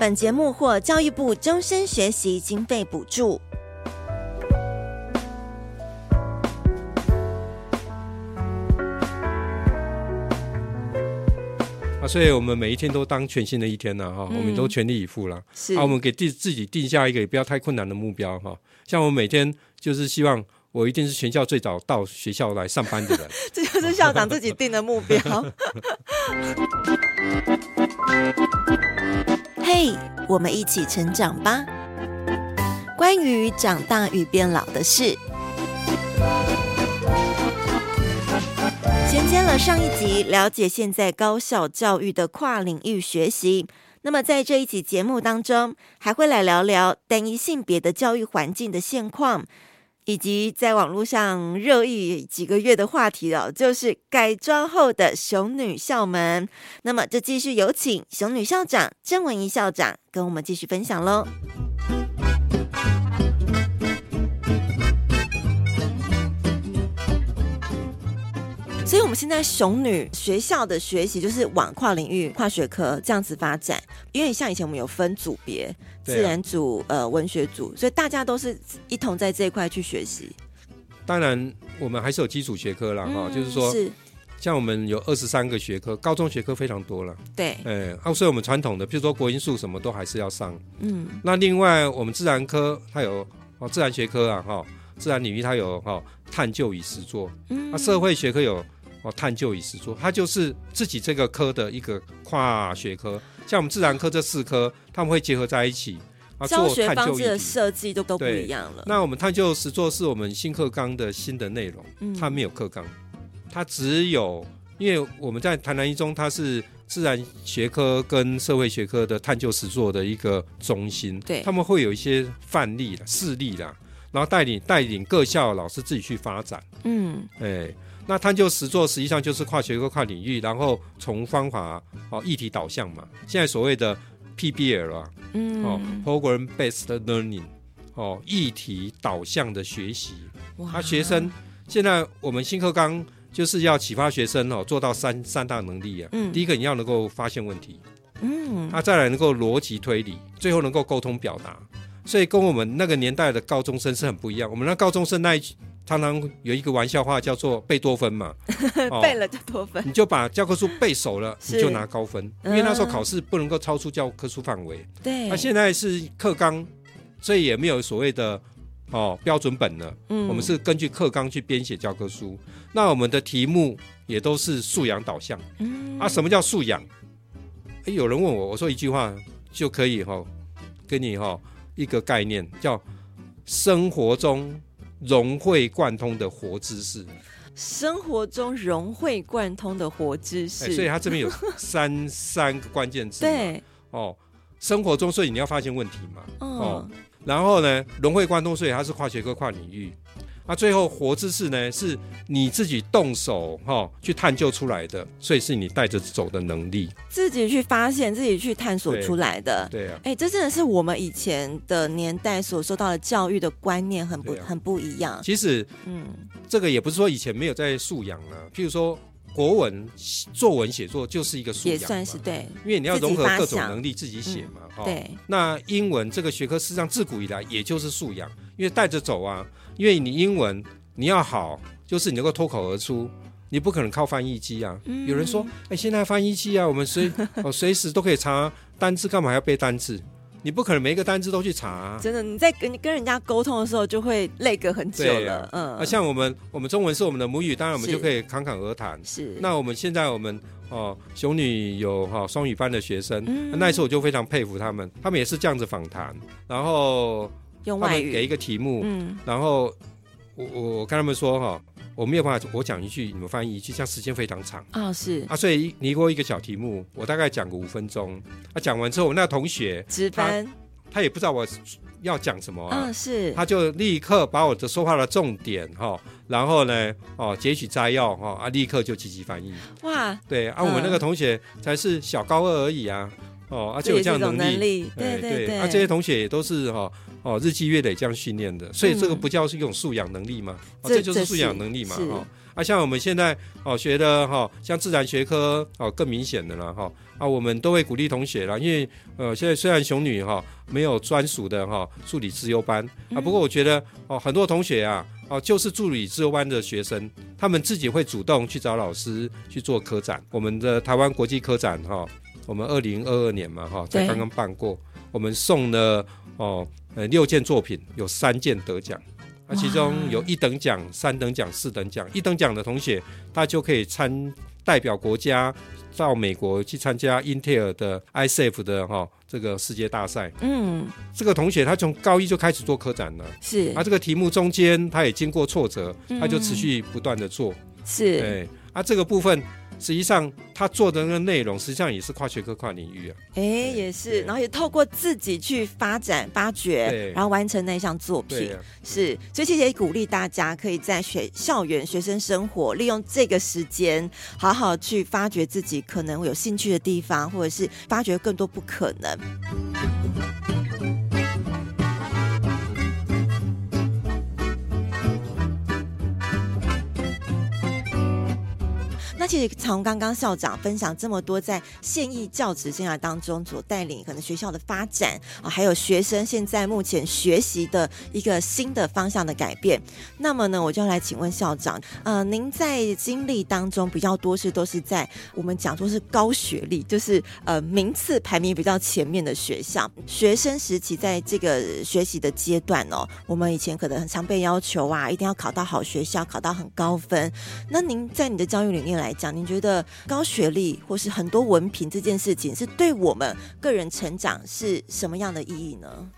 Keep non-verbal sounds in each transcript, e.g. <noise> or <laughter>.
本節目獲教育部終身學習經費補助。啊，所以我們每一天都當全新的一天呢。啊、哈。嗯，我們都全力以赴了。是啊，我們給自己定下一個也不要太困難的目標，哈。像我們每天就是希望我一定是全校最早到學校來上班的人。 <laughs> 這就是校長自己定的目標。 <laughs> <laughs> 嘿，hey, 我們一起成長吧！關於長大與變老的事，銜接了上一集了解現在高校教育的跨領域學習。那麼，在這一集節目當中，還會來聊聊單一性別的教育環境的現況。以及在網絡上熱議幾個月的話題了，就是改裝後的雄女校門。那麼，就繼續有請雄女校長鄭文儀校長跟我們繼續分享嘍。所以，我們現在雄女學校的學習就是往跨領域、跨學科這樣子發展。因為像以前我們有分組別，自然組、啊、呃，文學組，所以大家都是一同在這一塊去學習。當然，我們還是有基礎學科了哈，嗯、就是說，是像我們有二十三個學科，高中學科非常多了。對，哎、欸，奧、啊，所以我們傳統的，譬如說國音數什麼都還是要上。嗯。那另外，我們自然科它有哦，自然學科啊哈，自然領域它有哈探究與實作。嗯。那、啊、社會學科有。哦，探究與實作，它就是自己這個科的一個跨學科，像我們自然科這四科，他們會結合在一起，啊，啊做探究。教學方式的設計都都不一樣了。那我們探究實作是我們新課綱的新的內容，嗯、它沒有課綱，它只有因為我們在台南一中，它是自然學科跟社會學科的探究實作的一個中心，對，他們會有一些範例啦、事例啦，然後帶領帶領各校老師自己去發展，嗯，哎。那探究實作實際上就是跨學科、跨領域，然後從方法，哦，議題導向嘛，現在所謂的 PBL 了。嗯，哦，Program Based Learning，哦，議題導向的學習。他哇、啊、學生現在我們新課綱就是要啟發學生哦，做到三三大能力啊。嗯。第一個你要能夠發現問題，嗯，那、啊、再來能夠邏輯推理，最後能夠溝通表達。所以跟我們那個年代的高中生是很不一樣。我們那個高中生那一。常常有一個玩笑話叫做背多分嘛， <laughs> 背了就多分。你就把教科書背熟了，是你就拿高分，因為那時候考試不能夠超出教科書範圍。對、嗯，那、啊、現在是課綱，所以也沒有所謂的哦標準本了。嗯、我們是根據課綱去編寫教科書，那我們的題目也都是素養導向。嗯、啊，什麼叫素養？哎、欸，有人問我，我說一句話就可以哈、哦，跟你哈、哦、一個概念，叫生活中。融會貫通的活知識，生活中融會貫通的活知識、欸，所以它這邊有三 <laughs> 三個關鍵字，對哦，生活中，所以你要發現問題嘛，嗯、哦，然後呢，融會貫通，所以它是跨學科跨領域。那、啊、最後活知識呢，是你自己動手哈去探究出來的，所以是你帶着走的能力，自己去發現，自己去探索出來的。對，哎、啊欸，這真的是我們以前的年代所受到的教育的觀念很不、啊、很不一樣。其實，嗯，這個也不是說以前沒有在素養了、啊，譬如說國文作文寫作就是一個素養，也算是對，因為你要融合各種能力自己寫嘛。嗯、對，那英文這個學科實際上自古以來也就是素養，因為帶着走啊。因為你英文你要好，就是你能夠脫口而出，你不可能靠翻譯機啊。嗯、有人說，哎、欸，現在翻譯機啊，我們隨隨、 <laughs> 哦、時都可以查單字。」「幹嘛要背單字？」「你不可能每一個單字都去查、啊。真的，你在跟你跟人家溝通的時候就會 lag 很久了。對啊、嗯，啊，像我們我們中文是我們的母語，當然我們就可以侃侃而談。是，那我們現在我們哦，雄女有哈、哦、雙語班的學生，嗯、那時候我就非常佩服他們，他們也是這樣子訪談，然後。用外語，他們給一個題目，嗯、然後我我跟他們說哈，我沒有辦法，我講一句你們翻譯一句，這樣時間非常長啊、哦、是啊，所以擬過一個小題目，我大概講個五分鐘啊，講完之後，我那同學直翻翻，他也不知道我要講什麼啊，嗯、是他就立刻把我的說話的重點哈，然後呢哦，擷、啊、取摘要哈啊，立刻就積極翻譯哇，對啊，嗯、我們那個同學才是小高二而已啊，哦啊，就有這樣能力，能力對，對對對，啊，這些同學也都是哈。啊哦，日積月累這樣訓練的，所以這個不叫是一種素養能力嘛？這就是素養能力嘛？哦，啊，像我們現在哦學的哈，像自然學科哦更明顯的了哈。啊，我們都會鼓勵同學了，因為呃，現在雖然雄女哈沒有專屬的哈數理資優班啊，不過我覺得哦很多同學啊，哦就是數理資優班的學生，他們自己會主動去找老師去做科展。我們的台灣國際科展哈，我們二零二二年嘛哈才剛剛辦過。我們送了哦，呃，六件作品，有三件得獎。那哇其中有一等獎、三等獎、四等獎。一等獎的同學，他就可以參代表國家到美國去參加英特爾的 ISEF 的哈、哦、這個世界大賽。嗯，這個同學他從高一就開始做科展了。是。啊，這個題目中間他也經過挫折，嗯、他就持續不斷的做。是。對，啊，這個部分。實際上，他做的那個內容，實際上也是跨學科、跨領域啊。哎、欸，也是，對然後也透過自己去發展、發掘，對然後完成那項作品。啊、是，所以謝謝鼓勵大家，可以在學校園、學生生活，利用這個時間，好好去發掘自己可能有興趣的地方，或者是發掘更多不可能。那其實從剛剛校長分享這麼多，在現役教職生涯當中所帶領可能學校的發展啊，還有學生現在目前學習的一個新的方向的改變。那麼呢，我就來請問校長，呃，您在經歷當中比較多是都是在我們講說是高學歷，就是呃名次排名比較前面的學校，學生時期在這個學習的階段哦，我們以前可能很常被要求啊，一定要考到好學校，考到很高分。那您在你的教育理念來講，您覺得高學歷或是很多文憑這件事情，是對我們個人成長是什麼樣的意義呢？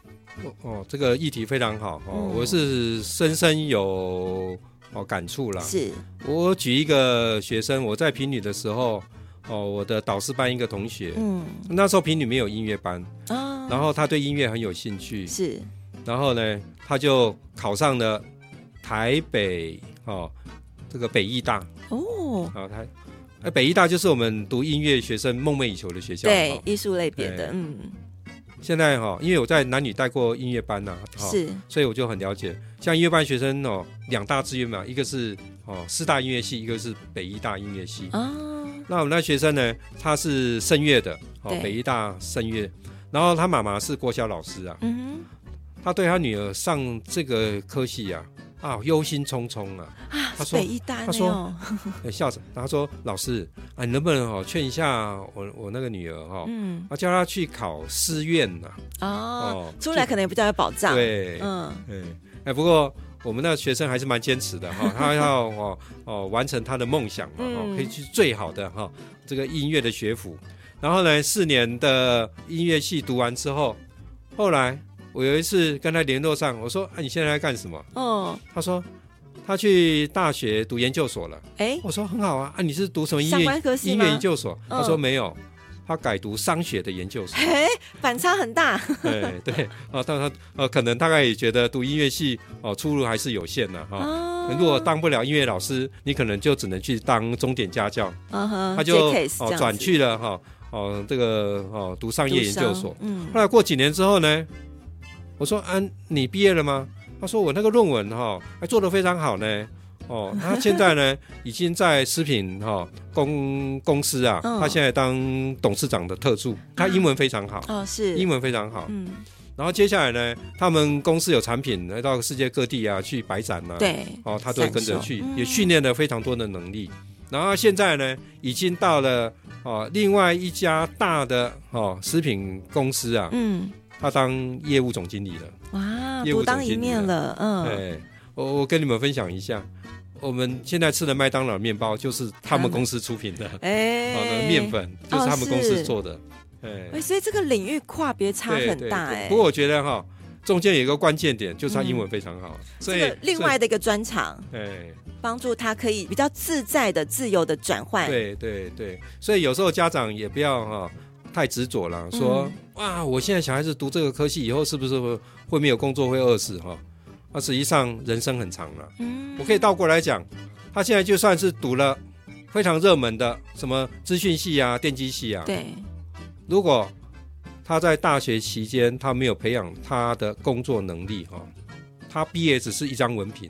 哦，哦，這個議題非常好，哦嗯、我是深深有哦感觸啦。是我舉一個學生，我在屏女的時候，哦，我的導師班一個同學，嗯，那時候屏女沒有音樂班啊，然後他對音樂很有興趣，是，然後呢，他就考上了台北哦。這個北藝大哦，他，哎，北藝大就是我們讀音樂學生夢寐以求的學校，對，哦、藝術類別的，對嗯。現在哈，因為我在男女帶過音樂班吶、啊，是、哦，所以我就很了解，像音樂班學生哦，兩大志願嘛，一個是哦，四大音樂系，一個是北藝大音樂系哦，那我們那學生呢，他是聲樂的，哦，對北藝大聲樂，然後他媽媽是國小老師啊，嗯哼他對他女兒上這個科系呀、啊。啊，憂心忡忡啊！啊，他說北一丹，說，欸、笑着，他說老師啊，你能不能哦勸一下我我那個女兒哈，嗯，啊，叫她去考師院吶、啊，哦，哦，出來可能也比較有保障，對，嗯，哎、欸，不過我們那個學生還是蠻堅持的哈、哦，他要哦哦完成他的夢想嘛，呵呵哦，可以去最好的哈、哦、這個音樂的學府，嗯、然後呢，四年的音樂系讀完之後，後來。我有一次跟他聯絡上，我說：“啊，你現在在幹什麼？”哦、他說：“他去大學讀研究所了。欸”我說：“很好啊，啊，你是讀什麼音樂音樂研究所？”哦、他說：“沒有，他改讀商學的研究所。嘿”反差很大。 <laughs> 欸、對對、啊、他他呃、啊，可能大概也覺得讀音樂系哦、啊，出路還是有限的、啊、哈。啊啊、如果當不了音樂老師，你可能就只能去當鐘點家教。Uh、huh, 他就哦轉、啊、去了哈哦、啊啊、這個哦、啊、讀商業研究所。嗯，後來過幾年之後呢？我說，啊，你畢業了嗎？他說，我那個論文哈、哦，還、哎、做得非常好呢。哦，他現在呢 <laughs> 已經在食品哈公、哦、公司啊，哦、他現在當董事長的特助，啊、他英文非常好，哦、是英文非常好。嗯，然後接下來呢，他們公司有產品來到世界各地啊去擺展啊。對，哦，他都會跟着去，十也訓練了非常多的能力。嗯、然後現在呢，已經到了哦，另外一家大的哦食品公司啊。嗯。他當業務總經理了哇，獨當一面了，嗯。欸、我我跟你們分享一下，我們現在吃的麥當勞麵包就是他們公司出品的，哎，麵、欸呃、粉就是他們公司做的，哎、哦。欸、所以這個領域跨別差很大，欸，哎。不過我覺得哈、哦，中間有一個關鍵點，就是他英文非常好，嗯、所以另外的一個專長，哎、欸，幫助他可以比較自在的、自由的轉換。對，對對對，所以有時候家長也不要哈。哦太執着了，說、嗯、哇，我現在小孩子讀這個科系，以後是不是會沒有工作，會餓死哈？那、哦啊、實際上人生很長了。嗯，我可以倒過來講，他現在就算是讀了非常熱門的什麼資訊系啊、電機系啊，對，如果他在大學期間他沒有培養他的工作能力哈、哦，他畢業只是一張文憑，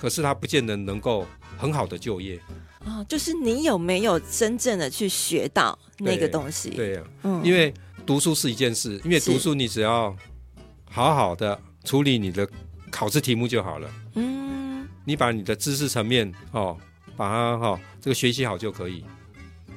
可是他不見得能夠很好的就業。哦、就是你有沒有真正的去學到那個東西？對呀，對啊，嗯、因為讀書是一件事，因為讀書你只要好好的處理你的考試題目就好了。嗯，你把你的知識層面哦，把它哈、哦、這個學習好就可以。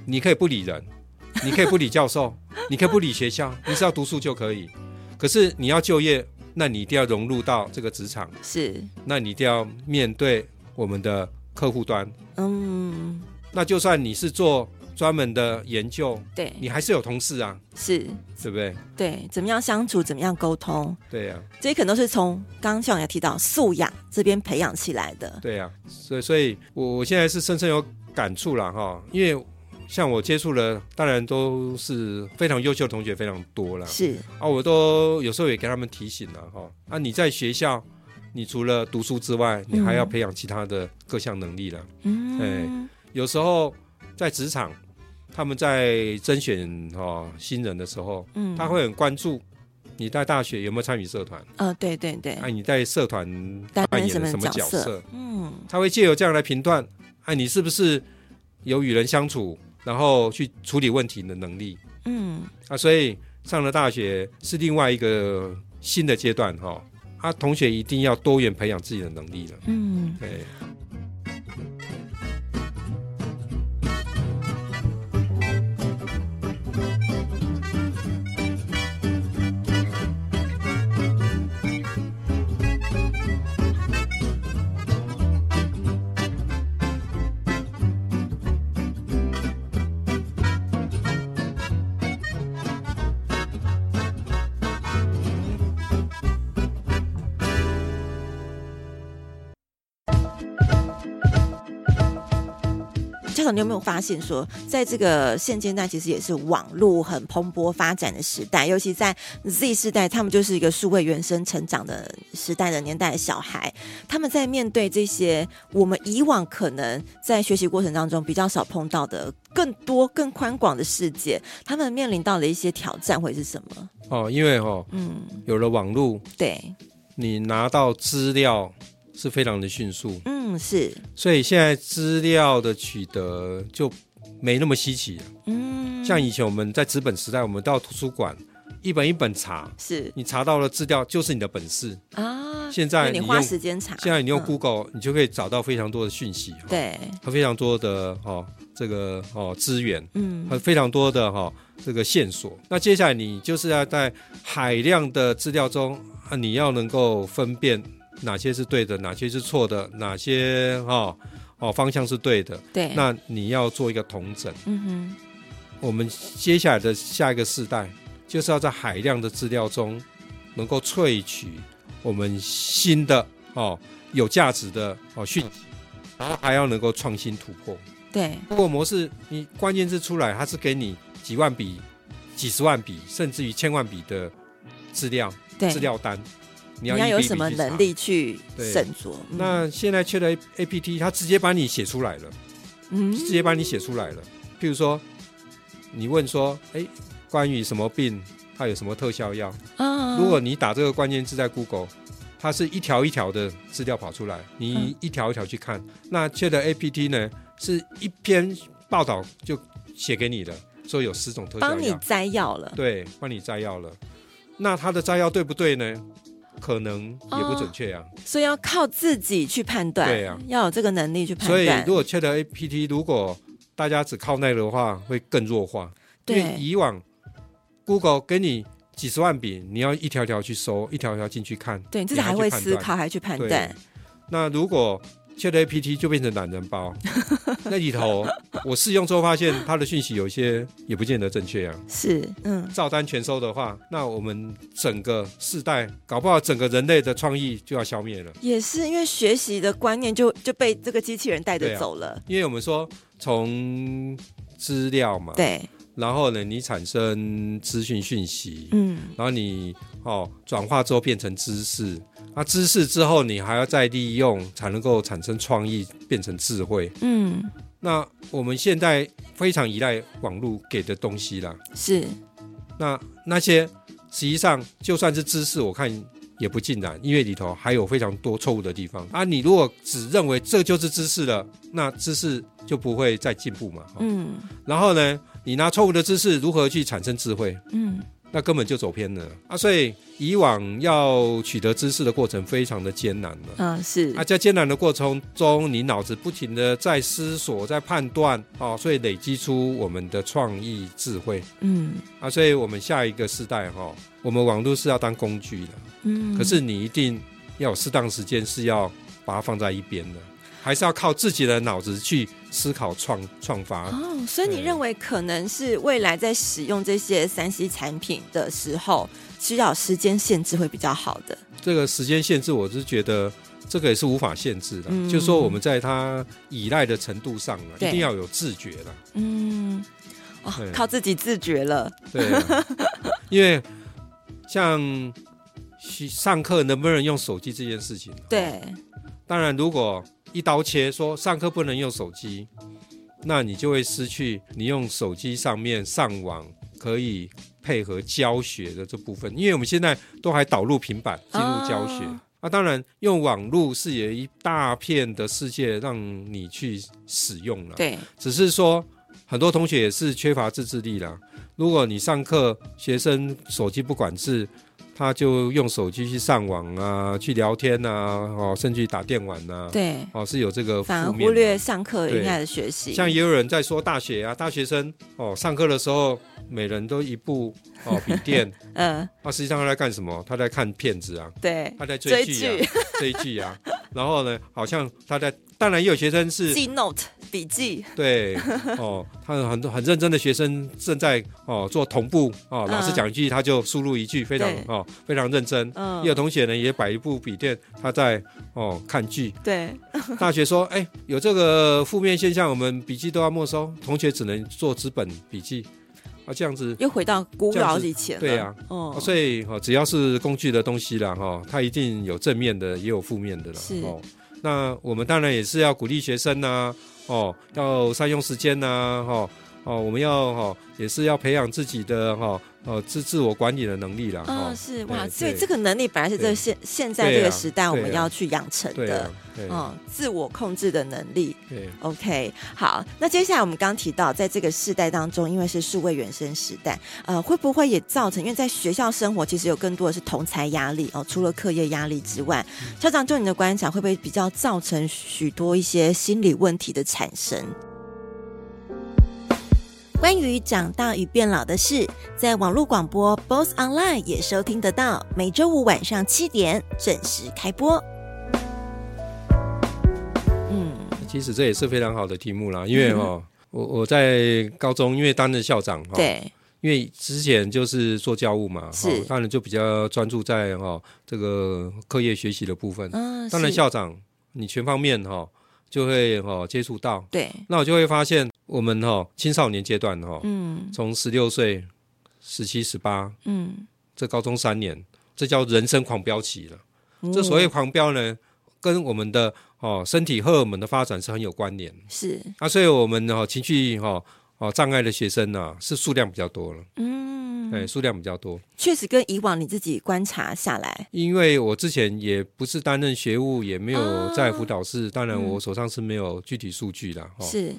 你可以不理人， <laughs> 你可以不理教授，你可以不理學校， <laughs> 你只要讀書就可以。可是你要就業，那你一定要融入到這個職場，是，那你一定要面對我們的。客戶端，嗯，那就算你是做專門的研究，對，你還是有同事啊，是，對不對？對，怎麼樣相處，怎麼樣溝通，對呀、啊，這些可能都是從剛剛像我提到素養這邊培養起來的，對呀、啊，所以所以我，我我現在是深深有感觸了哈，因為像我接觸的，當然都是非常優秀的同學，非常多了，是啊，我都有時候也給他們提醒了哈，啊，你在學校。你除了讀書之外，你還要培養其他的各項能力了。嗯，哎，有時候在職場，他們在甄選哦新人的時候，嗯，他會很關注你在大學有沒有參與社團。啊、呃，對對對。哎、啊，你在社團扮演什麼角色？角色嗯，他會藉由這樣來評斷，哎、啊，你是不是有與人相處，然後去處理問題的能力？嗯，啊，所以上了大學是另外一個新的階段哈、哦。啊，同學一定要多元培養自己的能力了。嗯，對。你有沒有發現說，在這個現階段，其實也是網路很蓬勃發展的時代，尤其在 Z 世代，他們就是一個數位原生成長的時代的年代的小孩，他們在面對這些我們以往可能在學習過程當中比較少碰到的更多更寬廣的世界，他們面臨到了一些挑戰，會是什麼？哦，因為哦，嗯，有了網路，對你拿到資料。是非常的迅速，嗯，是，所以現在資料的取得就沒那麼稀奇，嗯，像以前我們在紙本時代，我們到圖書館一本一本查，是，你查到了資料就是你的本事啊。現在你花時間查，現在你用，用 Google，嗯，你就可以找到非常多的訊息，對，和非常多的哦這個哦資源，嗯，和非常多的哈，哦，這個線索。那接下來你就是要在海量的資料中，啊，你要能夠分辨。哪些是對的，哪些是錯的，哪些哦，哦方向是對的，對。那你要做一個統整。嗯哼。我們接下來的下一個世代，就是要在海量的資料中，能夠萃取我們新的哦有價值的哦訊息，然後還要能夠創新突破。對。不過模式，你關鍵字出來，它是給你幾萬筆、幾十萬筆，甚至於千萬筆的資料，資料單。你要有什麼能力去斟酌？對嗯、那現在 ChatGPT，它直接把你寫出來了，嗯，直接把你寫出來了。譬如說，你問說，哎、欸，關於什麼病，它有什麼特效藥？嗯、啊，如果你打這個關鍵字在 Google，它是一條一條的資料跑出來，你一條一條去看。嗯、那 ChatGPT 呢，是一篇報道就寫給你的，說有十種特效藥，幫你摘要了，對，幫你摘要了。那它的摘要對不對呢？可能也不準確呀、啊哦，所以要靠自己去判斷。對呀、啊，要有這個能力去判斷。所以，如果 ChatGPT，如果大家只靠那個的話，會更弱化。對，以往 Google 給你幾十萬筆，你要一條條去搜，一條條進去看。對，你自己還會思考，還去判斷。那如果。切的 APP 就變成懶人包， <laughs> 那裡頭我試用之後發現，他的訊息有些也不見得正確啊。是，嗯，照單全收的話，那我們整個世代搞不好整個人類的創意就要消滅了。也是因為學習的觀念就就被這個機器人帶着走了、啊。因為我們說從資料嘛。對。然後呢，你產生資訊訊息，嗯，然後你哦轉化之後變成知識，那、啊、知識之後你還要再利用，才能夠產生創意，變成智慧，嗯。那我們現在非常依賴網絡給的東西啦。是。那那些實際上就算是知識，我看。也不盡然，因為裡頭還有非常多錯誤的地方啊！你如果只認為這就是知識了，那知識就不會再進步嘛。嗯，然後呢，你拿錯誤的知識如何去產生智慧？嗯，那根本就走偏了啊！所以以往要取得知識的過程非常的艱難了。嗯，是啊，在艱難的過程中，你腦子不停的在思索、在判斷啊、哦，所以累積出我們的創意智慧。嗯，啊，所以我們下一個時代哈、哦，我們網絡是要當工具的。嗯、可是你一定要有適當時間，是要把它放在一邊的，還是要靠自己的腦子去思考創創發哦。所以你認為可能是未來在使用這些三 C 產品的時候，需要時間限制會比較好的。這個時間限制，我是覺得這個也是無法限制的，嗯、就是說我們在它依賴的程度上啊，對一定要有自覺了。嗯，哦，對靠自己自覺了。對、啊， <laughs> 因為像。去上課能不能用手機這件事情，啊？對，當然如果一刀切說上課不能用手機，那你就會失去你用手機上面上網可以配合教學的這部分，因為我們現在都還導入平板進入教學，哦、啊，當然用網絡是有一大片的世界讓你去使用了。對，只是說很多同學也是缺乏自制力了。如果你上課學生手機不管是……他就用手機去上網啊，去聊天啊，哦，甚至打電玩啊。對，哦，是有這個面。反而忽略上課應該的學習。像也有人在說大學啊，大學生哦，上課的時候每人都一部哦筆電。嗯、 <laughs> 呃。啊，實際上他在幹什麼？他在看片子啊。對。他在追劇、啊，追劇， <laughs> 追劇啊。然後呢，好像他在，當然也有學生是。記 note。筆記對哦，他有很多很認真的學生正在哦做同步哦，呃、老師講一句他就輸入一句，非常對哦非常認真。嗯、呃，也有同學呢也擺一部筆電，他在哦看劇。對，大學說哎、欸，有這個負面現象，我們筆記都要沒收，同學只能做紙本筆記啊，這樣子又回到古老以前。對呀、啊哦，哦，所以哦只要是工具的東西啦哈、哦，它一定有正面的，也有負面的了。是哦，那我們當然也是要鼓勵學生吶、啊。哦，要善用時間吶，啊，哦，哦，我們要，哦，也是要培養自己的，哦。哦、呃，自自我管理的能力啦。嗯，是哇，對所以這個能力本來是這現對現在這個時代我們要去養成的，嗯、啊啊啊呃，自我控制的能力。對、啊，OK，好。那接下來我們剛剛提到，在這個時代當中，因為是數位原生時代，呃，會不會也造成？因為在學校生活，其實有更多的是同才壓力哦、呃，除了課業壓力之外，嗯、校長就你的觀察，會不會比較造成許多一些心理問題的產生？關於長大與變老的事，在網絡廣播 BOSS ONLINE 也收聽得到，每週五晚上七點準時開播。嗯、其實這也是非常好的題目啦，因為、哦嗯、我我在高中因為擔任校長哈，對因為之前就是做教務嘛，是，當然就比較專注在哈這個課業學習的部分。嗯，當然校長你全方面哈就會接觸到，對，那我就會發現。我們哈、哦、青少年階段哈、哦，嗯、從十六歲、十七、十八，嗯，這高中三年，這叫人生狂飆期了。嗯、這所謂狂飆呢，跟我們的哦身體荷爾蒙的發展是很有關聯。是、啊、所以我們的、哦、情緒哈哦，哦障礙的學生呢、啊，是數量比較多了。嗯對，數量比較多，確實跟以往你自己觀察下來。因為我之前也不是擔任學務，也沒有在輔導室，啊、當然我手上是沒有具體數據的。嗯哦、是。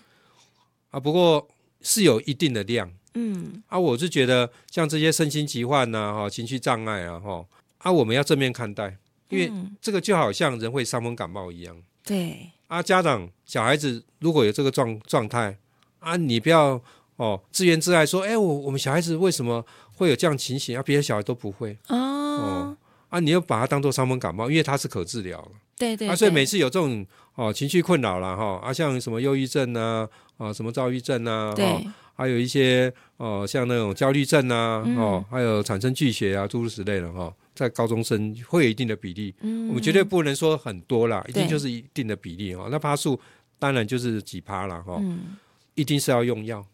啊，不過是有一定的量，嗯，啊，我是覺得像這些身心疾患吶、啊，哈、哦，情緒障礙啊，哈、哦，啊，我們要正面看待，因為這個就好像人會傷風感冒一樣，嗯、對，啊，家長小孩子如果有這個狀狀態，啊，你不要哦自怨自艾，說，哎，我我們小孩子為什麼會有這樣情形，啊，別的小孩都不會啊。哦哦啊，你又把它當做傷風感冒，因為它是可治療，對對，對。啊，所以每次有這種哦情緒困擾了哈，啊，像什麼憂鬱症啊，啊，什麼躁鬱症啊對、哦，還有一些哦、呃，像那種焦慮症啊，哦，嗯、還有產生拒學啊、諸如此類的哈、哦，在高中生會有一定的比例。嗯。我們絕對不能說很多啦，一定就是一定的比例哈對、哦。那趴數當然就是幾趴啦，哈、哦。嗯、一定是要用藥。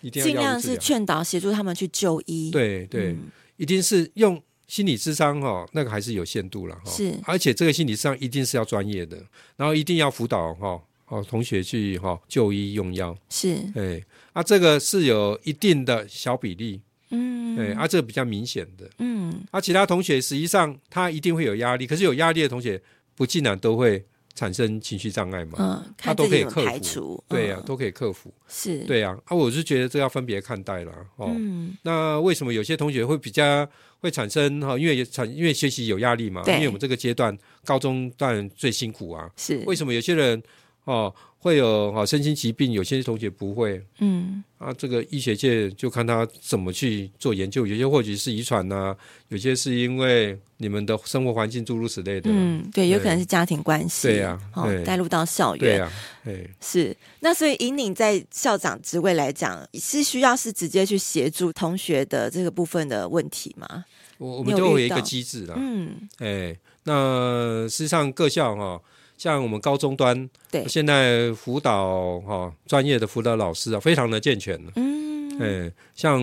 一定要。尽量是勸導、協助他們去就醫。對對。對嗯、一定是用。心理諮商哈、哦，那個還是有限度了哈、哦，是，而且這個心理上一定是要專業的，然後一定要輔導哈、哦哦，同學去哈、哦、就醫用藥。是，哎，啊，這個是有一定的小比例，嗯，哎，啊，這個比較明顯的，嗯，啊，其他同學實際上他一定會有壓力，可是有壓力的同學不盡然都會。產生情緒障礙嘛？嗯、有有，他都可以克服。嗯、對呀、啊，都可以克服。是，對呀，啊，我是覺得這要分別看待啦哦。嗯、那為什麼有些同學會比較會產生哈？因為產因為學習有壓力嘛。對因為我們這個階段，高中段最辛苦啊。是。為什麼有些人？哦，會有哈身心疾病，有些同學不會，嗯，啊，這個醫學界就看他怎麼去做研究，有些或許是遺傳吶、啊，有些是因為你們的生活環境諸如此類的，嗯，對，哎、有可能是家庭關係，對呀、啊，哦，哎、帶入到校園，對呀、啊，哎，是，那所以以你在校長職位來講，是需要是直接去協助同學的這個部分的問題嗎？我，我們都有一個機制啦。嗯，哎，那實際上各校哈、哦。像我們高中端，對，現在輔導哈、哦、專業的輔導老師啊，非常的健全嗯、哎，像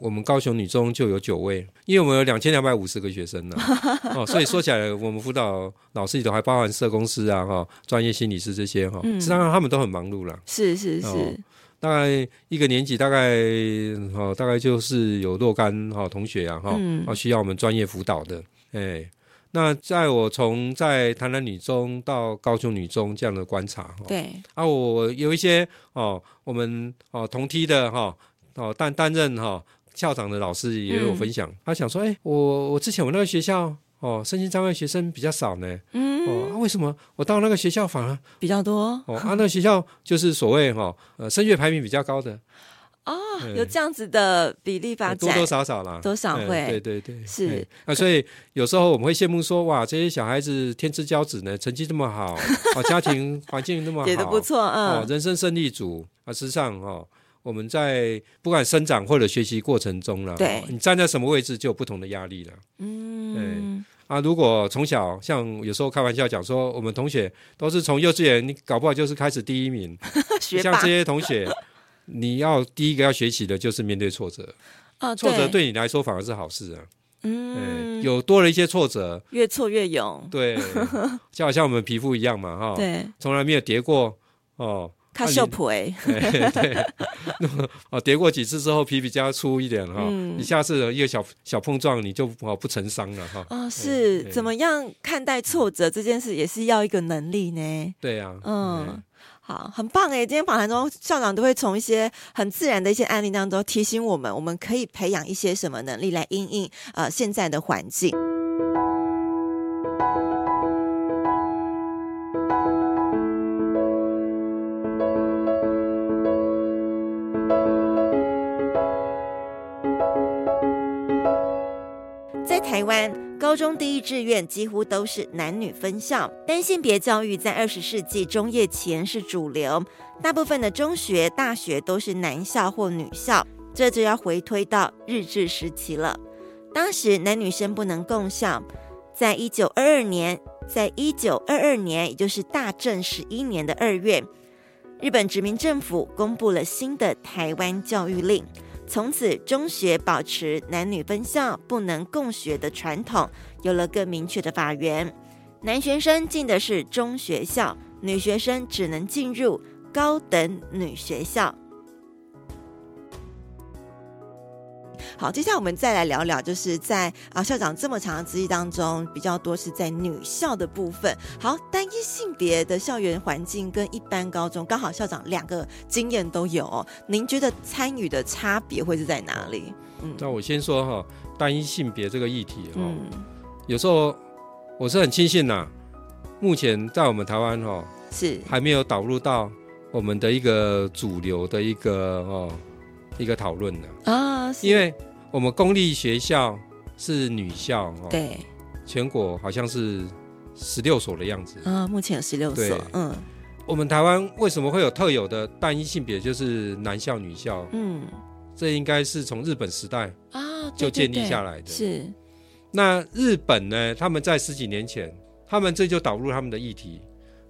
我們高雄女中就有九位，因為我們有兩千兩百五十個學生呢、啊， <laughs> 哦，所以說起來，我們輔導老師裡頭還包含社工師啊，哈、哦，專業心理師這些哈，事實上他們都很忙碌了，是是是、哦，大概一個年級大概哦，大概就是有若干、哦、同學啊哈，哦嗯、需要我們專業輔導的，哎。那在我從在台南女中到高雄女中這樣的觀察，對啊，我有一些哦，我們哦同梯的哈哦擔擔任哈、哦、校長的老師也有分享，嗯、他想說，哎，我我之前我那個學校哦，身心障礙學生比較少呢，嗯，哦、啊、為什麼我到那個學校反而比較多？哦，啊，那個學校就是所謂哈呃升學排名比較高的。哦，有這樣子的比例發展，嗯、多多少少啦，多少會，嗯，對對對，是啊，嗯，所以有時候我們會羨慕說，哇，這些小孩子天之驕子呢，成績這麼好， <laughs> 家庭環境那麼好，寫的不錯，嗯，人生勝利組啊，實際上我們在不管生長或者學習過程中了，對，你站在什麼位置就有不同的壓力了，嗯，對，啊，如果從小像有時候開玩笑講說，我們同學都是從幼稚園搞不好就是開始第一名， <laughs> 學霸，像這些同學。你要第一個要學習的就是面對挫折啊！挫折對你來說反而是好事啊！嗯，有多了一些挫折，越挫越勇。對，就好像我們皮膚一樣嘛，哈。對，從來沒有跌過哦，它秀普哎。對，那麼哦，跌過幾次之後，皮比較粗一點哈。你下次一個小小碰撞，你就哦不成傷了哈。啊，是怎麼樣看待挫折這件事，也是要一個能力呢？對呀，嗯。好，很棒誒！今天訪談中，校長都會從一些很自然的一些案例當中提醒我們，我們可以培養一些什麼能力來因應呃現在的環境，在台灣。高中第一志願幾乎都是男女分校，單性別教育在二十世紀中葉前是主流，大部分的中學、大學都是男校或女校，這就要回推到日治時期了。當時男女生不能共校，在一九二二年，在一九二二年，也就是大正十一年的二月，日本殖民政府公布了新的台灣教育令。從此，中學保持男女分校，不能共學的傳統，有了更明確的法源。男學生進的是中學校，女學生只能進入高等女學校。好，接下來我們再來聊聊，就是在啊校長這麼長的資歷當中，比較多是在女校的部分。好，單一性別的校園環境跟一般高中，剛好校長兩個經驗都有、哦，您覺得參與的差別會是在哪裡？嗯，那我先說哈，單一性別這個議題哈、哦，嗯、有時候我是很慶幸吶，目前在我們台灣哈、哦、是還沒有導入到我們的一個主流的一個哦。一個討論的啊，因為我們公立學校是女校哦，對，全國好像是十六所的樣子啊，目前有十六所，嗯，我們台灣為什麼會有特有的單一性別，就是男校女校？嗯，這應該是從日本時代啊就建立下來的，是，那日本呢，他們在十幾年前，他們這就導入他們的議題，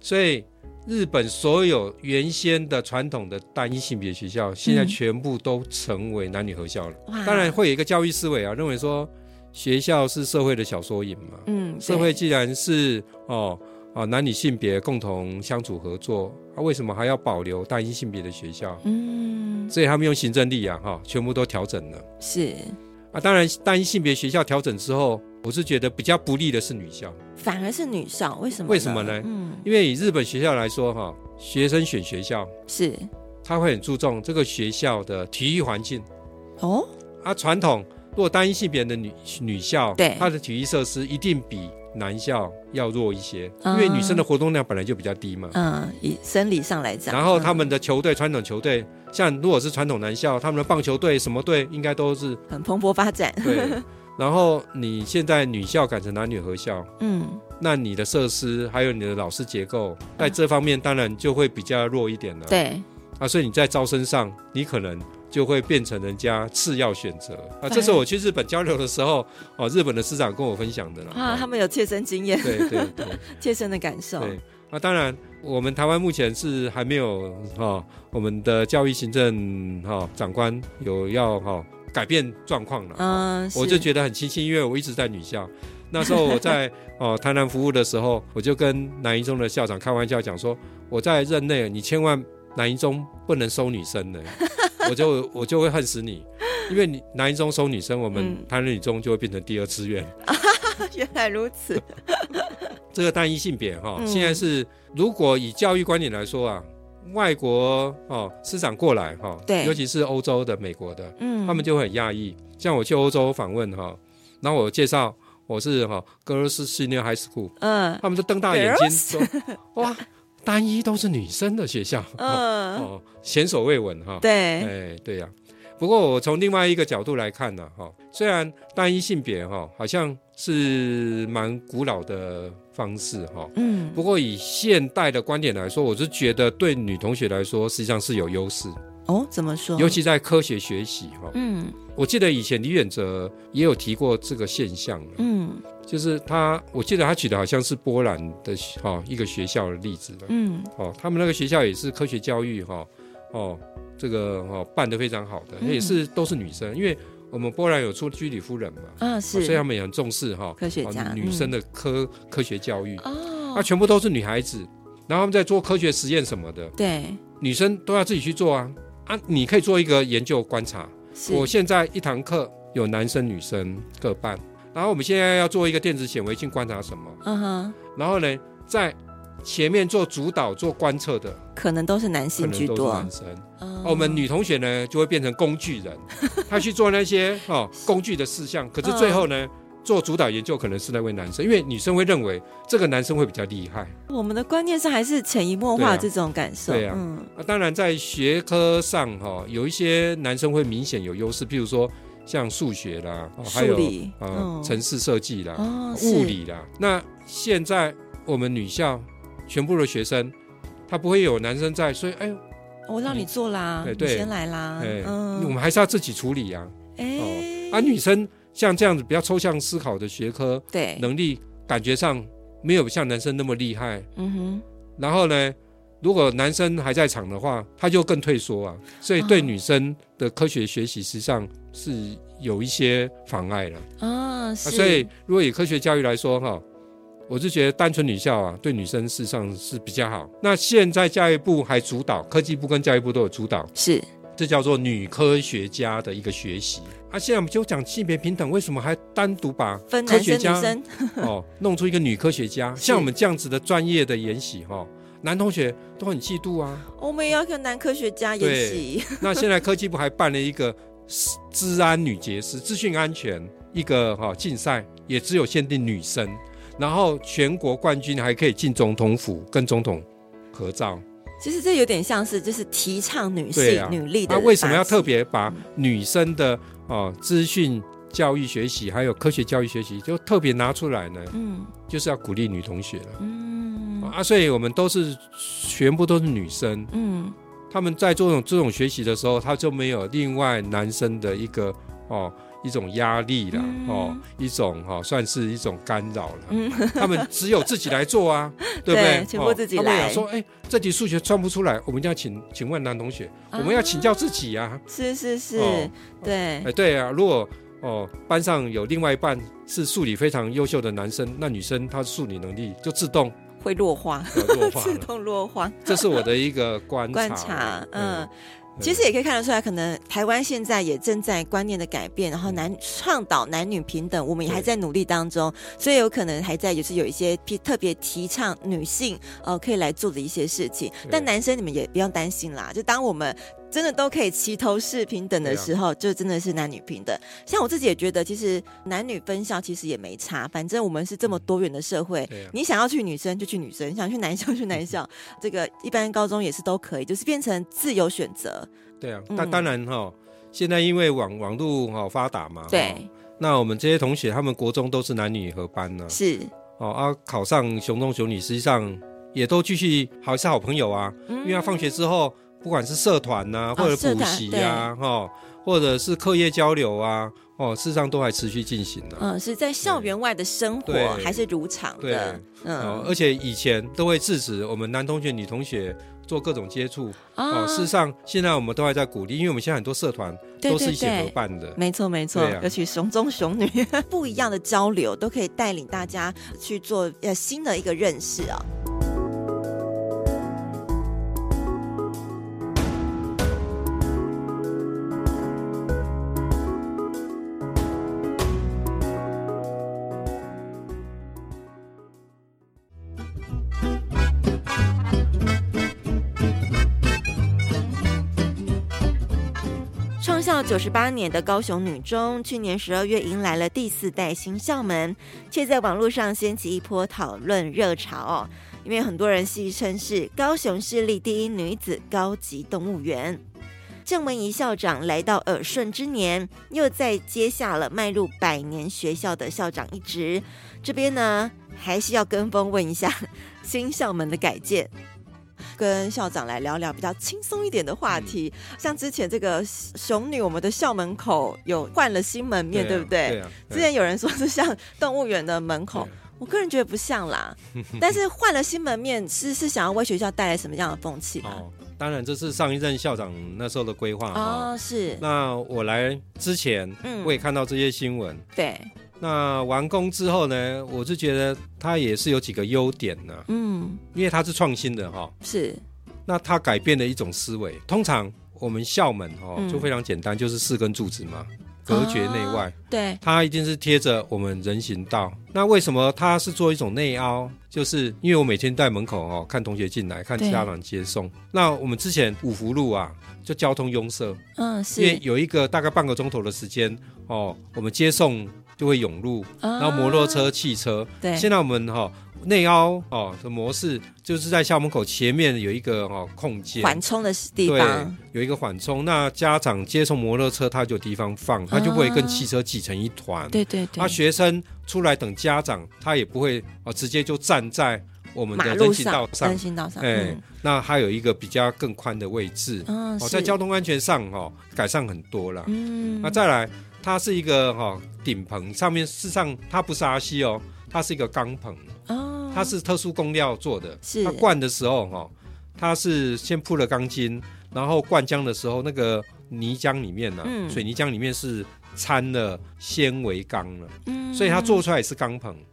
所以。日本所有原先的傳統的單一性別學校，現在全部都成為男女合校了。嗯。當然會有一個教育思維啊，認為說學校是社會的小縮影嘛。嗯，社會既然是哦啊男女性別共同相處合作，啊為什麼還要保留單一性別的學校？嗯，所以他們用行政力量啊哈，全部都調整了。是啊，當然單一性別學校調整之後。我是覺得比較不利的是女校，反而是女校，為什麼？為什麼呢？嗯，因為以日本學校來說，哈，學生選學校是，他會很注重這個學校的體育環境。哦，啊，傳統如果單一性別的女女校，對，它的體育設施一定比男校要弱一些，因為女生的活動量本來就比較低嘛。嗯，以生理上來講。然後他們的球隊，傳統球隊，像如果是傳統男校，他們的棒球隊什麼隊，應該都是很蓬勃發展。對。然後你現在女校改成男女合校，嗯，那你的設施還有你的老師結構，嗯、在這方面當然就會比較弱一點了、啊。對啊，所以你在招生上，你可能就會變成人家次要選擇。對啊，這是我去日本交流的時候，哦、啊，日本的師長跟我分享的了。啊，啊他們有切身經驗，對對、啊、對，對對切身的感受。對啊，當然我們台灣目前是還沒有哈、哦，我們的教育行政哈、哦、長官有要哈。哦改變狀況了，嗯，我就覺得很慶幸，因為我一直在女校。那時候我在哦台、 <laughs> 呃、南服務的時候，我就跟南一中的校長開玩笑講說，我在任內，你千萬南一中不能收女生的，我就我就會恨死你，因為你南一中收女生，我們台南女中就會變成第二志願。嗯啊、原來如此， <laughs> 這個單一性別哈，現在是、嗯、如果以教育觀點來說啊。外國哦，師長過來哈，哦、對尤其是歐洲的、美國的，嗯，他們就很訝異。像我去歐洲訪問哈、哦，然後我介紹我是 Girls Senior High School，嗯，uh, 他們就瞪大眼睛說：“ girls? 哇， <laughs> 單一都是女生的學校，嗯、uh, 哦，哦，前所未聞哈。”對，哎，對呀、啊。不過我從另外一個角度來看呢，哈，雖然單一性別哈，好像是蠻古老的。方式哈，嗯，不過以現代的觀點來說，我是覺得對女同學來說，實際上是有優勢哦。怎麼說？尤其在科學學習哈，嗯，我記得以前李遠哲也有提過這個現象，嗯，就是他，我記得他舉的好像是波蘭的哈一個學校的例子了，嗯，哦，他們那個學校也是科學教育哈，哦，這個哦辦得非常好的，也是都是女生，因為。我們波蘭有出居里夫人嘛、啊啊？所以他們也很重視哈，哦、科學家、啊、女生的科、嗯、科學教育、哦、啊，全部都是女孩子，然後他們在做科學實驗什麼的，對，女生都要自己去做啊啊，你可以做一個研究觀察。是我現在一堂課有男生女生各半，然後我們現在要做一個電子顯微鏡觀察什麼？嗯、哼然後呢，在。前面做主導、做觀測的，可能都是男性居多。我們女同學呢，就會變成工具人，她去做那些哦工具的事項。可是最後呢，做主導研究可能是那位男生，因為女生會認為這個男生會比較厲害。我們的觀念上還是潛移默化這種感受。對啊，當然，在學科上哈，有一些男生會明顯有優勢，譬如說像數學啦，還有啊程式設計啦、物理啦。那現在我們女校。全部的學生，他不會有男生在，所以哎，我、哦、讓你做啦，你，對，你先來啦，對，嗯，我們還是要自己處理呀、啊。欸、哦，啊，女生像這樣子比較抽象思考的學科，對，能力感覺上沒有像男生那麼厲害。嗯哼，然後呢，如果男生還在場的話，他就更退縮啊，所以對女生的科學學習實際上是有一些妨礙的啊，啊。所以，如果以科學教育來說哈。哦我是覺得單純女校啊，對女生事實上是比較好。那現在教育部還主導，科技部跟教育部都有主導，是這叫做女科學家的一個學習。啊，現在我們就講性別平等，為什麼還單獨把科學家分男生女生？ <laughs> 哦，弄出一個女科學家。像我們這樣子的專業的研習，哈，是，男同學都很嫉妒啊。我們也要跟男科學家研習。那現在科技部還辦了一個資安女傑，是資訊安全一個哈競賽，也只有限定女生。然後全國冠軍還可以進總統府跟總統合照，其實這有點像是就是提倡女性女、啊、力的。那、啊、為什麼要特別把女生的哦資訊教育學習還有科學教育學習就特別拿出來呢？嗯，就是要鼓勵女同學了。嗯啊，所以我們都是全部都是女生。嗯，她們在做這種這種學習的時候，她就沒有另外男生的一個哦。一種壓力了、嗯、哦，一種哦，算是一種干擾了。嗯， <laughs> 他們只有自己來做啊，對不對？對全部自己來。哦、說，哎、欸，這題數學算不出來，我們要請請問男同學，啊、我們要請教自己啊。啊是是是，哦、對。哎、欸、對啊，如果哦、呃、班上有另外一半是數理非常優秀的男生，那女生她的數理能力就自動會弱化，弱自動弱化。這是我的一個觀察觀察，嗯。嗯其實也可以看得出來，可能台灣現在也正在觀念的改變，然後男倡、嗯、導男女平等，我們也還在努力當中，對所以有可能還在也、就是有一些提特別提倡女性呃可以來做的一些事情，對但男生你們也不用擔心啦，就當我們。真的都可以齊頭式平等的時候，啊、就真的是男女平等。像我自己也覺得，其實男女分校其實也沒差，反正我們是這麼多元的社會。啊、你想要去女生就去女生，你想去男校去男校，啊、這個一般高中也是都可以，就是變成自由選擇。對啊，那、嗯、當然哈，現在因為網網路好發達嘛，對。那我們這些同學，他們國中都是男女合班呢、啊，是。哦啊，考上雄中雄女，實際上也都繼續還是好朋友啊，嗯、因為放學之後。不管是社團吶、啊，或者補習呀，啊、或者是課業交流啊，哦，事實上都還持續進行，啊、嗯，是在校園外的生活對對還是如常的？對啊、嗯、呃，而且以前都會制止我們男同學、女同學做各種接觸。啊啊哦，事實上現在我們都還在鼓勵，因為我們現在很多社團都是一起合辦的。沒錯，沒錯，沒錯啊、尤其雄中雄女不一樣的交流都可以帶領大家去做呃新的一個認識啊、哦。校九十八年的高雄女中，去年十二月迎來了第四代新校門，卻在網絡上掀起一波討論熱潮。因為很多人戲稱是高雄市立第一女子高級動物園。鄭文儀校長來到耳順之年，又再接下了邁入百年學校的校長一職。這邊呢，還是要跟風問一下新校門的改建。跟校長來聊聊比較輕鬆一點的話題，嗯、像之前這個雄女，我們的校門口有換了新門面，對啊、對不對？對啊對啊、之前有人說是像動物園的門口，啊、我個人覺得不像啦。啊、但是換了新門面是是想要為學校帶來什麼樣的風氣的？哦，當然這是上一任校長那時候的規劃哦。是。那我來之前，嗯，我也看到這些新聞。嗯、對。那完工之後呢，我是覺得它也是有幾個優點呢、啊。嗯，因為它是創新的哈。是。那它改變了一種思維。通常我們校門哦、嗯、就非常簡單，就是四根柱子嘛，嗯、隔絕內外、啊。對。它一定是貼着我們人行道。那為什麼它是做一種內凹？就是因為我每天在門口哦，看同學進來，看其他人接送。對那我們之前五福路啊，就交通壅塞。嗯，是。因為有一個大概半個鐘頭的時間哦，我們接送。就會湧入，啊、然後摩托車、汽車。對。現在我們哈、哦、內凹哦的模式，就是在校門口前面有一個、哦、空間緩衝的地方，有一個緩衝。那家長接送摩托車，他就有地方放，啊、他就不會跟汽車擠成一團。對對，那、啊、學生出來等家長，他也不會、哦、直接就站在我們的人行道上。人行道上。嗯，哎、那還有一個比較更寬的位置。哦、嗯，在交通安全上哦改善很多了。嗯。那再來，它是一個哈、哦、頂棚，上面事實上它不是阿西哦，它是一個鋼棚，哦、它是特殊工料做的。是它灌的時候哈、哦，它是先鋪了鋼筋，然後灌漿的時候，那個泥漿裡面呢、啊，嗯、水泥漿裡面是摻了纖維鋼了，嗯、所以它做出來也是鋼棚。嗯、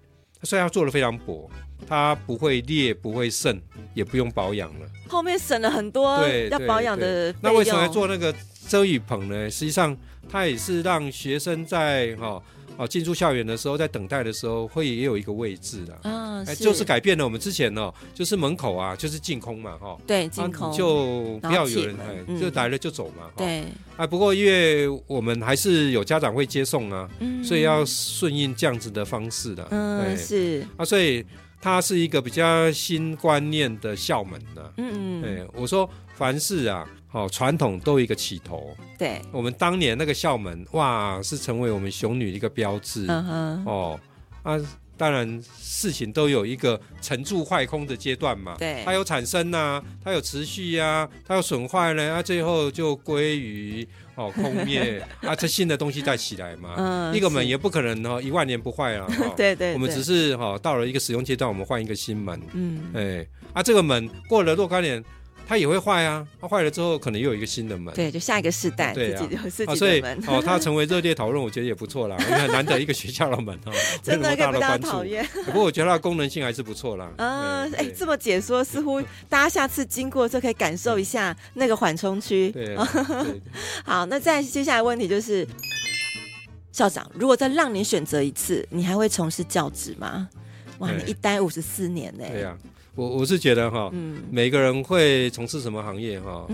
雖然它做的非常薄，它不會裂，不會滲，也不用保養了。後面省了很多對對要保養的。那為什麼要做那個遮雨棚呢？實際上。他也是讓學生在哈啊進出校園的時候，在等待的時候，會也有一個位置的啊、嗯哎，就是改變了我們之前哦，就是門口啊，就是淨空嘛，哈、啊，對，淨空、啊、就不要有人來，就來了就走嘛，對，啊，不過因為我們還是有家長會接送啊，所以要順應這樣子的方式的，嗯，對嗯，是啊，所以它是一個比較新觀念的校門的、啊、嗯嗯對，我說凡事啊。哦，傳統都有一個起頭，對，我們當年那個校門哇，是成為我們雄女的一個標誌，uh huh、哦，啊，當然事情都有一個成住壞空的階段嘛，對，它有產生吶、啊，它有持續呀、啊，它有損壞呢，啊，最後就歸於哦空滅， <laughs> 啊，這新的東西再起來嘛，uh huh、一個門也不可能是哦一萬年不壞啦，哦、 <laughs> 對，對對，我們只是哈、哦、到了一個使用階段，我們換一個新門， <laughs> 嗯，哎，啊這個門過了若干年。它也會壞啊，它壞了之後可能又有一個新的門。對，就下一個世代、啊、自己有自己的門。啊、所以哦，它成為熱烈討論，我覺得也不錯啦， <laughs> 因為很難得一個學校的門哈，真 <laughs> 的多大到關注。討厭 <laughs> 不過我覺得它的功能性還是不錯啦。嗯、呃、哎、欸，這麼解說，似乎大家下次經過就可以感受一下那個緩衝區。對，啊、對。 <laughs> 好，那再接下來問題就是，校長，如果再讓你選擇一次，你還會從事教職嗎？哇，你一待五十四年呢、欸。對呀、啊。我我是覺得哈，每個人會從事什麼行業哈，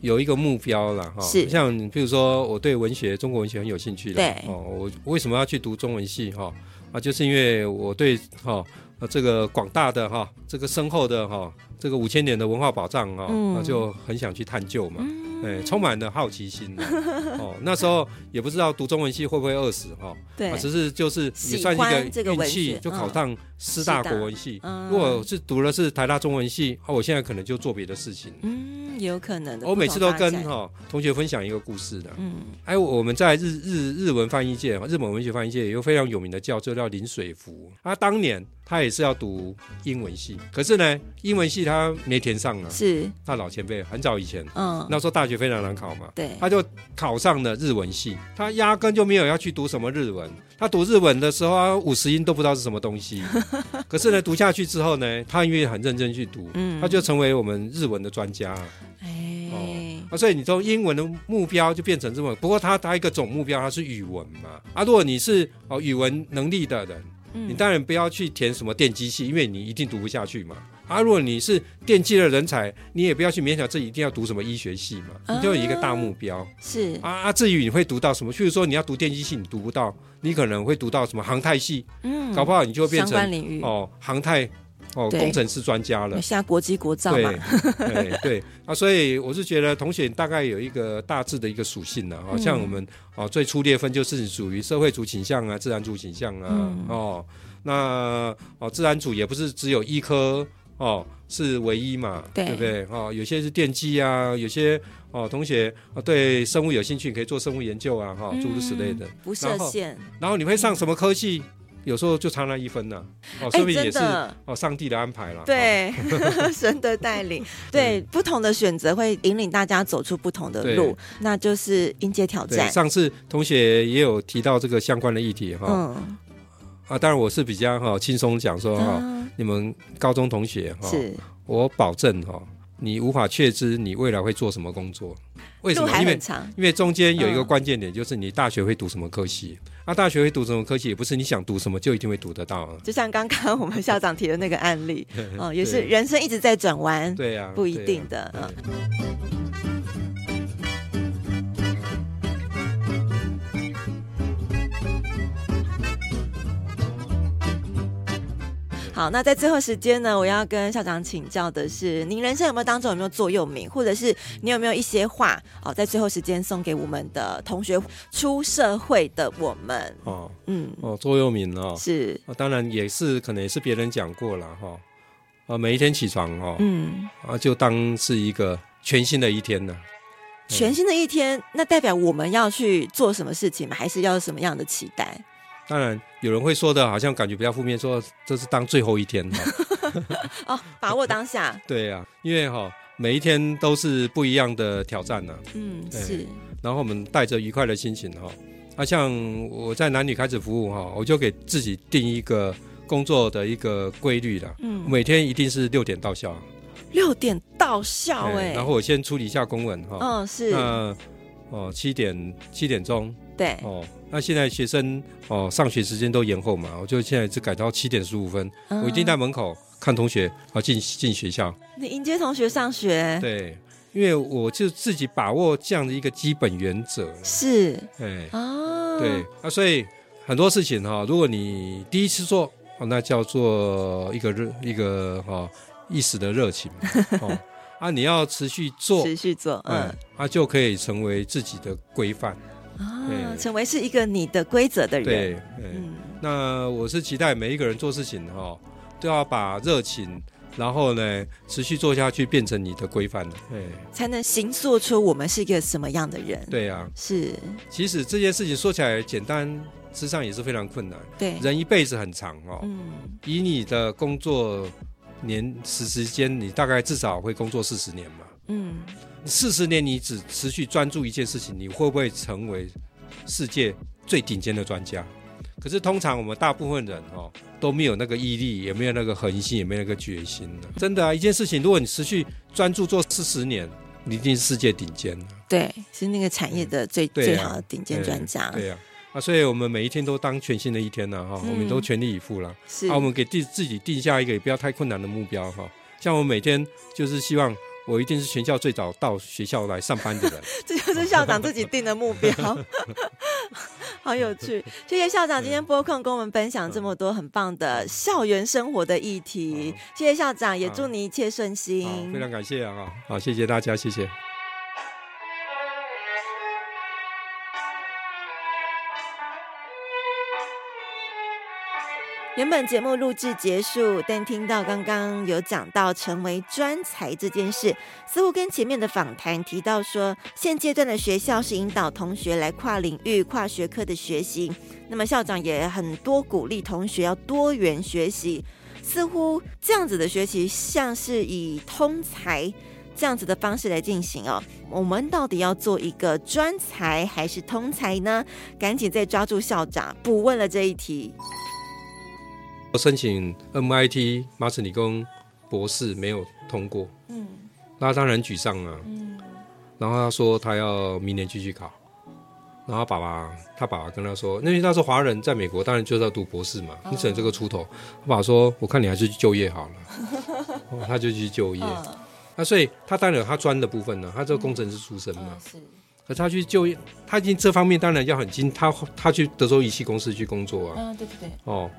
有一個目標了哈。你像比如說，我對文學，中國文學很有興趣的。哦對，我為什麼要去讀中文系哈？啊，就是因為我對哈這個廣大的哈這個深厚的哈。這個五千年的文化寶藏，哦嗯、啊，那就很想去探究嘛，嗯、哎，充滿了好奇心，嗯、 <laughs> 哦。那時候也不知道讀中文系會不會餓死哈，哦、對，只是、啊、就是也算一個運氣，就考上師大國文系。嗯嗯、如果是讀的是台大中文系，哦，我現在可能就做別的事情。嗯，有可能的。我每次都跟哈、哦、同學分享一個故事的。嗯，哎，我們在日日日文翻譯界，日本文學翻譯界也有非常有名的教授，叫林水福。他、啊、當年他也是要讀英文系，可是呢，英文系。嗯他沒填上了、啊，是他老前輩很早以前，嗯，那時候大學非常難考嘛，對，他就考上了日文系，他壓根就沒有要去讀什麼日文，他讀日文的時候，五十音都不知道是什麼東西， <laughs> 可是呢， <laughs> 讀下去之後呢，他因為很認真去讀，嗯，他就成為我們日文的專家，哎、欸，啊、哦，所以你從英文的目標就變成這麼，不過他他一個總目標他是語文嘛，啊，如果你是哦語文能力的人，嗯、你當然不要去填什麼電機系，因為你一定讀不下去嘛。啊，如果你是電機的人才，你也不要去勉強，自己一定要讀什麼醫學系嘛？啊，你就有一個大目標是啊啊。至於你會讀到什麼，譬如說你要讀電機系，你讀不到，你可能會讀到什麼航太系，嗯，搞不好你就會變成哦航太哦對工程師專家了，像國際國造嘛。對對 <laughs> 啊，所以我是覺得同學大概有一個大致的一個屬性呢，啊，啊、哦，像我們哦最初列分就是屬於社會組傾向啊，自然組傾向啊，嗯、哦，那哦自然組也不是只有一科。哦，是唯一嘛，對不對？哦，有些是電機啊，有些哦，同學對生物有興趣，可以做生物研究啊，哈，諸如此類的。不設限。然後你會上什麼科系？有時候就差那一分呢。哦，所以也是哦，上帝的安排了。對，神的帶領。對，不同的選擇會引領大家走出不同的路，那就是迎接挑戰。上次同學也有提到這個相關的議題哈。啊，當然我是比較哈輕鬆講說哈。你們高中同學哈，哦、是我保證哈、哦，你無法確知你未來會做什麼工作，為什麼？路還很長、因為因為中間有一個關鍵點，就是你大學會讀什麼科系，那、嗯啊、大學會讀什麼科系，也不是你想讀什麼就一定會讀得到、啊。就像剛剛我們校長提的那個案例， <laughs> 哦、也是人生一直在轉彎， <laughs> 對、啊、不一定的，啊啊、嗯。好，那在最後時間呢，我要跟校長請教的是，你人生有沒有當中有沒有座右銘，或者是你有沒有一些話，哦，在最後時間送給我們的同學出社會的我們。哦，嗯，哦，座右銘哦，是、啊，當然也是可能也是別人講過了哈、哦，啊，每一天起床哦，嗯，啊，就當是一個全新的一天呢、啊。嗯、全新的一天，那代表我們要去做什麼事情嗎，還是要什麼樣的期待？當然，有人會說的，好像感覺比較負面，說這是當最後一天。 <laughs> <laughs> 哦，把握當下。 <laughs> 對呀、啊，因為哈、哦，每一天都是不一樣的挑戰呢、啊。嗯，是、哎。然後我們帶着愉快的心情哈、哦，啊，像我在雄女開始服務哈、哦，我就給自己定一個工作的一個規律了。嗯，每天一定是六點到校、啊。六點到校、欸、哎。然後我先處理一下公文哈、哦。嗯、哦，是。那、哦、七點七點鐘。對。哦。那現在學生哦、呃，上學時間都延後嘛，我就現在就改到七點十五分，嗯、我一定在門口看同學啊進進學校。你迎接同學上學？對，因為我就自己把握這樣的一個基本原則。是。欸哦、對啊。對啊，所以很多事情哈，如果你第一次做，那叫做一個熱，一個哈一、喔、一時的熱情哦、喔、 <laughs> 啊，你要持續做，持續做，對嗯，它、啊、就可以成為自己的規範。啊，欸、成為是一個你的規則的人。對，欸、嗯，那我是期待每一個人做事情哈、哦，都要把熱情，然後呢，持續做下去，變成你的規範的，對、欸，才能形塑出我們是一個什麼樣的人。對啊，是。其實這件事情說起來簡單，實際上也是非常困難。對，人一輩子很長哦，嗯、以你的工作年時時間，你大概至少會工作四十年嘛，嗯。四十年，你只持續專注一件事情，你會不會成為世界最頂尖的專家？可是通常我們大部分人哦，都沒有那個毅力，也沒有那個恆心，也沒有那個決心。真的啊，一件事情，如果你持續專注做四十年，你一定是世界頂尖。對，是那個產業的最、嗯啊、最好的頂尖專家對、啊。對啊，啊，所以我們每一天都當全新的一天了。哈、嗯，我們都全力以赴了。是，啊，我們給自自己定下一個也不要太困難的目標哈。像我們每天就是希望。我一定是全校最早到學校來上班的人。 <laughs> 這就是校長自己定的目標， <laughs> 好有趣。謝謝校長今天撥空跟我們分享這麼多很棒的校園生活的議題。謝謝校長，也祝你一切順心。非常感謝啊！好，謝謝大家，謝謝。原本節目錄製結束，但聽到剛剛有講到成為專才這件事，似乎跟前面的訪談提到說，現階段的學校是引導同學來跨領域、跨學科的學習。那麼校長也很多鼓勵同學要多元學習，似乎這樣子的學習像是以通才這樣子的方式來進行哦。我們到底要做一個專才還是通才呢？趕緊再抓住校長補問了這一題。申請 MIT 麻省理工博士沒有通過，嗯，那他當然沮喪了。啊，嗯，然後他說他要明年繼續考，然後他爸爸他爸爸跟他說，因為那時候他是華人在美國當然就是要讀博士嘛，哦，你整這個出頭，他爸爸說我看你還是去就業好了， <laughs> 他就去就業，嗯，那所以他當然有他專的部分呢，啊，他這個工程師出身嘛，嗯嗯，是，可是他去就業，他已經這方面當然要很精，他他去德州儀器公司去工作啊，對不，啊，對，對哦。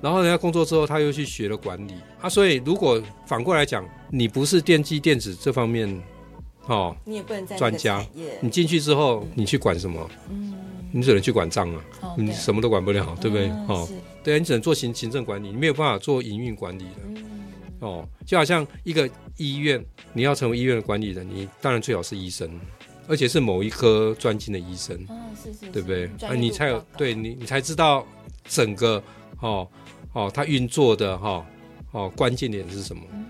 然後人家工作之後，他又去學了管理。啊，所以，如果反過來講，你不是電機電子這方面，哦，你也不能專家。你進去之後，你去管什麼？你只能去管賬啊，你什麼都管不了，對不對？哦，對，你只能做行行政管理，你沒有辦法做營運管理的。哦，就好像一個醫院，你要成為醫院的管理人，你當然最好是醫生，而且是某一科專精的醫生。對不對？啊，你才有，對，你，你才知道整個。哦哦，它、哦、運作的哈哦，哦，關鍵點是什麼？嗯、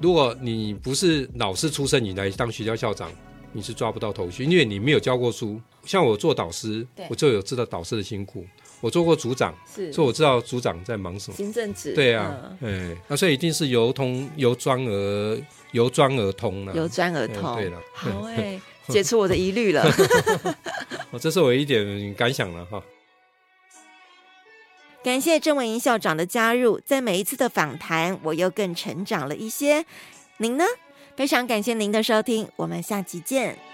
如果你不是老師出身，你來當學校校長，你是抓不到頭緒，因為你沒有教過書。像我做導師，對我就有我知道導師的辛苦。我做過組長，是所以我知道組長在忙什麼。行政職，對啊，哎、嗯欸，那所以一定是由通由專而由專而通了，由專而通、啊欸，對了，好哎、欸， <laughs> 解除我的疑慮了。 <laughs> <laughs> 這是我一點感想了哈。感謝鄭文儀校長的加入，在每一次的訪談，我又更成長了一些。您呢？非常感謝您的收聽，我們下期見。